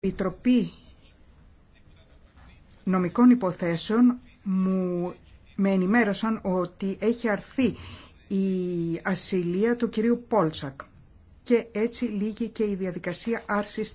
Επιτροπή Νομικών Υποθέσεων μου με ενημέρωσαν ότι έχει αρθεί η ασυλία του κυρίου Πόλσακ και έτσι λύγει και η διαδικασία άρσης